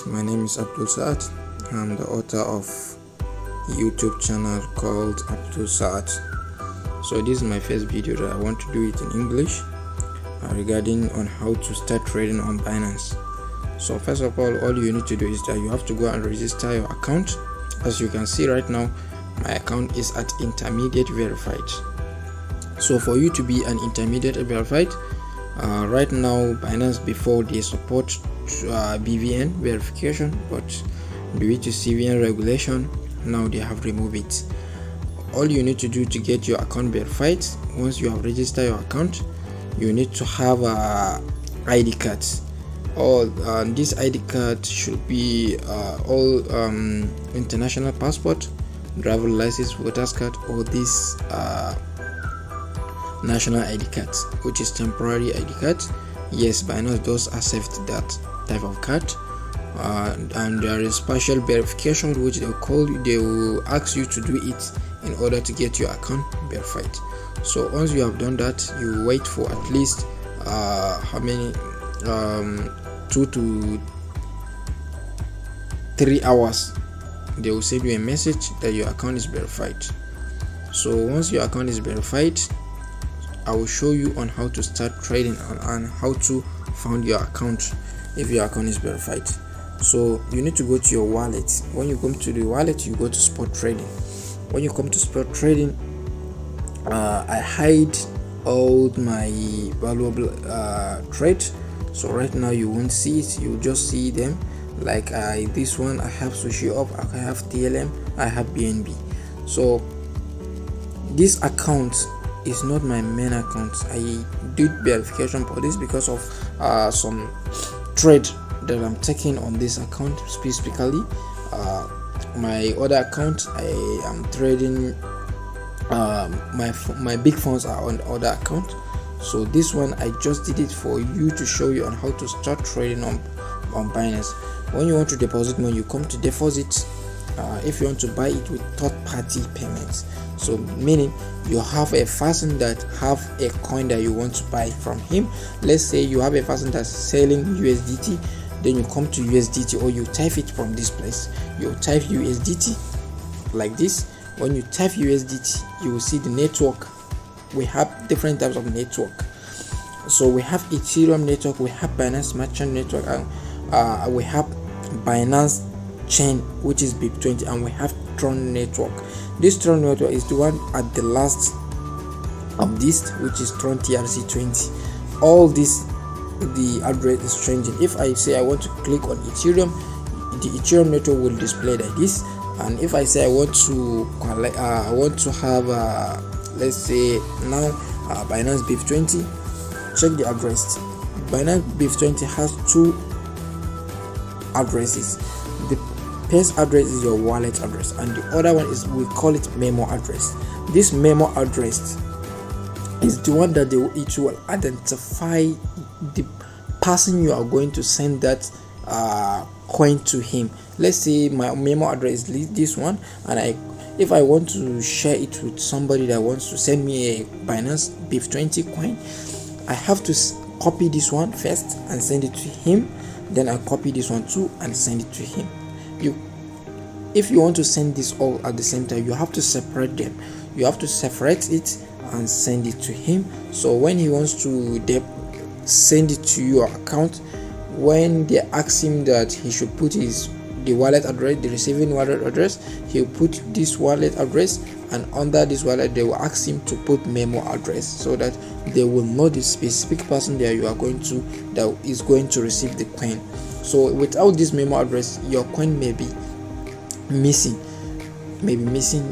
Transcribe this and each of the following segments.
guys my name is Abdul Saad I'm the author of YouTube channel called Abdul Saad so this is my first video that I want to do it in English uh, regarding on how to start trading on Binance so first of all all you need to do is that you have to go and register your account as you can see right now my account is at intermediate verified so for you to be an intermediate verified uh, right now binance before they support uh, BVN verification, but due to CVN regulation, now they have removed it. All you need to do to get your account verified, once you have registered your account, you need to have a ID card. All um, this ID card should be uh, all um, international passport, driver license, voter's card, or this uh, national ID card, which is temporary ID card. Yes, Binance does accept that type of card uh, and there is partial verification which they will call you, they will ask you to do it in order to get your account verified so once you have done that you wait for at least uh, how many um, two to three hours they will send you a message that your account is verified so once your account is verified i will show you on how to start trading and, and how to found your account if your account is verified so you need to go to your wallet when you come to the wallet you go to spot trading when you come to spot trading uh, i hide all my valuable uh, trades so right now you won't see it you just see them like I this one I have sushi up I have TLM I have BNB so this account is not my main account I did verification for this because of uh, some trade that i'm taking on this account specifically uh, my other account i am trading um, my my big funds are on other account so this one i just did it for you to show you on how to start trading on on binance when you want to deposit money you come to deposit uh, if you want to buy it with third party payments so meaning you have a person that have a coin that you want to buy from him let's say you have a person that's selling usdt then you come to usdt or you type it from this place you type usdt like this when you type usdt you will see the network we have different types of network so we have ethereum network we have binance merchant network and uh, we have binance chain which is bip 20 and we have tron network this tron network is the one at the last of this which is tron trc 20 all this the address is changing if i say i want to click on ethereum the ethereum network will display like this and if i say i want to collect uh, i want to have uh, let's say now uh, binance bip 20 check the address binance bip 20 has two addresses the first address is your wallet address and the other one is we call it memo address this memo address is the one that they will, it will identify the person you are going to send that uh, coin to him let's say my memo address is this one and i if i want to share it with somebody that wants to send me a binance beef 20 coin i have to copy this one first and send it to him then i copy this one too and send it to him if you want to send this all at the same time you have to separate them you have to separate it and send it to him so when he wants to send it to your account when they ask him that he should put his the wallet address the receiving wallet address he'll put this wallet address and under this wallet they will ask him to put memo address so that they will know the specific person that you are going to that is going to receive the coin so without this memo address your coin may be missing maybe missing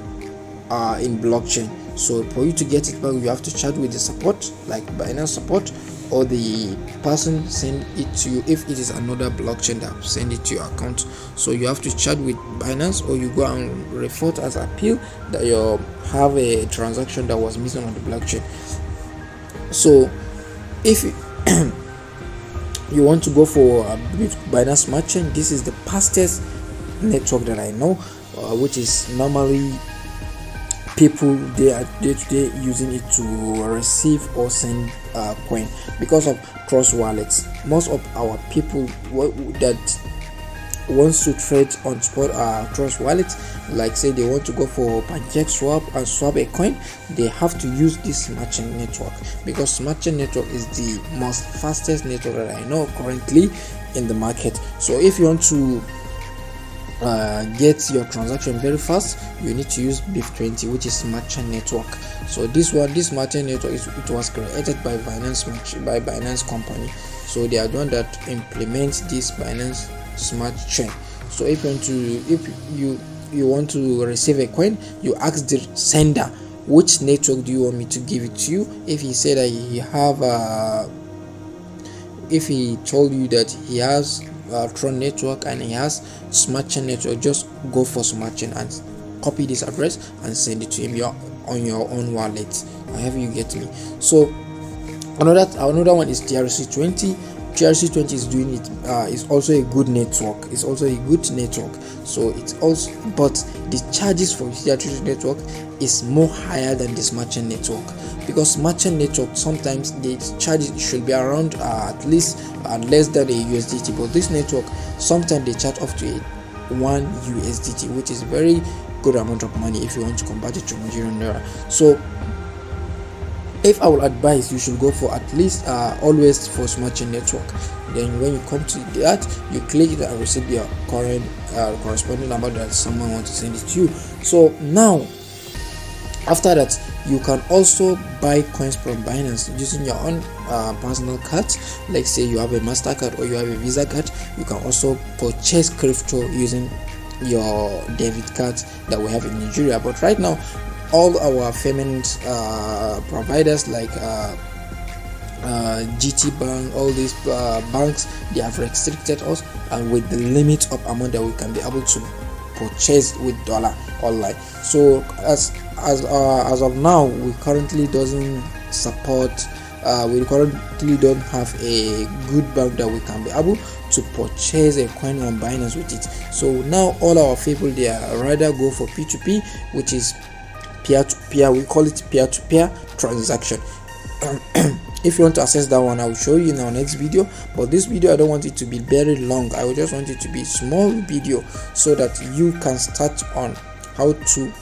uh, in blockchain so for you to get it back you have to chat with the support like binance support or the person send it to you if it is another blockchain that send it to your account so you have to chat with binance or you go and report as appeal that you have a transaction that was missing on the blockchain so if you want to go for a binance matching, this is the fastest network that I know, uh, which is normally people they are day to day using it to receive or send uh, coin because of cross wallets. Most of our people that wants to trade on spot uh, cross wallets, like say they want to go for pancake swap and swap a coin, they have to use this matching network because matching network is the most fastest network that I know currently in the market. So if you want to uh, get your transaction very fast you need to use beef 20 which is merchant network so this one this merchant network is it was created by binance by binance company so they are the one that implements this binance smart chain so if you want to if you you want to receive a coin you ask the sender which network do you want me to give it to you if he said that he have a uh, if he told you that he has Tron network and he has smartchain network just go for smartchain and copy this address and send it to him your on your own wallet i have you get me so another another one is trc20 Chelsea 20 is doing it uh, is also a good network. It's also a good network. So it's also but the charges for GRC20 network is more higher than this merchant network because merchant network sometimes the charges should be around uh, at least uh, less than a USDT. But this network sometimes they charge up to a one USDT, which is very good amount of money if you want to convert it to Nigerian naira. So if i will advise you should go for at least uh, always for smartchain network then when you come to that you click it and receive your current uh, corresponding number that someone wants to send it to you so now after that you can also buy coins from binance using your own uh, personal card like say you have a mastercard or you have a visa card you can also purchase crypto using your debit card that we have in nigeria but right now all our payment uh, providers like uh, uh, GT Bank, all these uh, banks, they have restricted us and with the limit of amount that we can be able to purchase with dollar online. So as as uh, as of now, we currently doesn't support. Uh, we currently don't have a good bank that we can be able to purchase a coin on Binance with it. So now all our people they are rather go for P2P, which is peer to peer we call it peer to peer transaction if you want to access that one i will show you in our next video but this video i don't want it to be very long i just want it to be small video so that you can start on how to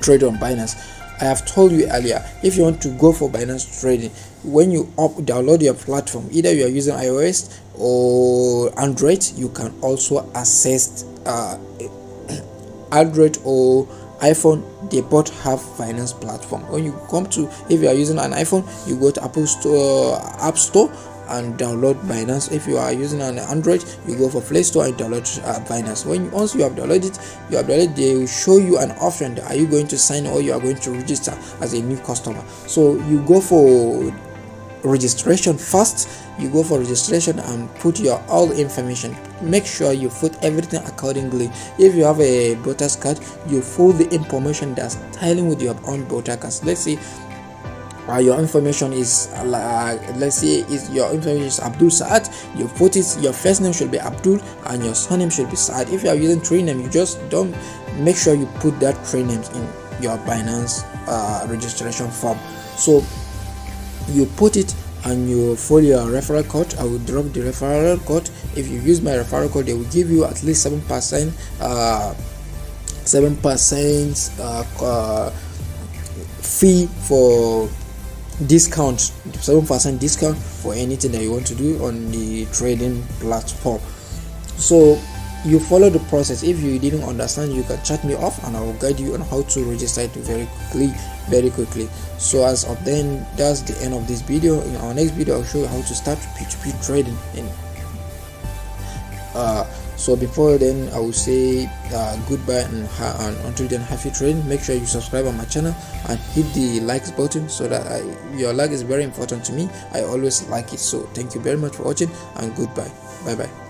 trade on binance I have told you earlier if you want to go for Binance trading when you up download your platform either you are using iOS or Android you can also access uh, Android or iphone they both have finance platform when you come to if you are using an iphone you go to apple store uh, app store and download Binance. If you are using an Android, you go for Play Store and download uh, Binance. When you, once you have downloaded it, you have downloaded, they will show you an option. Are you going to sign or you are going to register as a new customer? So you go for registration first you go for registration and put your all information make sure you put everything accordingly if you have a broadcast card you fill the information that's dealing with your own broadcast card let's see, uh, your information is uh, let's say is your information is Abdul Saad you put it your first name should be Abdul and your surname should be Saad if you are using three names you just don't make sure you put that three names in your Binance uh, registration form so you put it and you follow your referral code i will drop the referral code if you use my referral code they will give you at least 7% uh, 7% uh, uh, fee for discount 7% discount for anything that you want to do on the trading platform so you follow the process if you didn't understand you can chat me off and i will guide you on how to register it very quickly very quickly so as of then that's the end of this video in our next video i'll show you how to start p2p trading in uh, so before then i will say uh, goodbye and, and, until then happy trading make sure you subscribe on my channel and hit the likes button so that I, your like is very important to me i always like it so thank you very much for watching and goodbye bye bye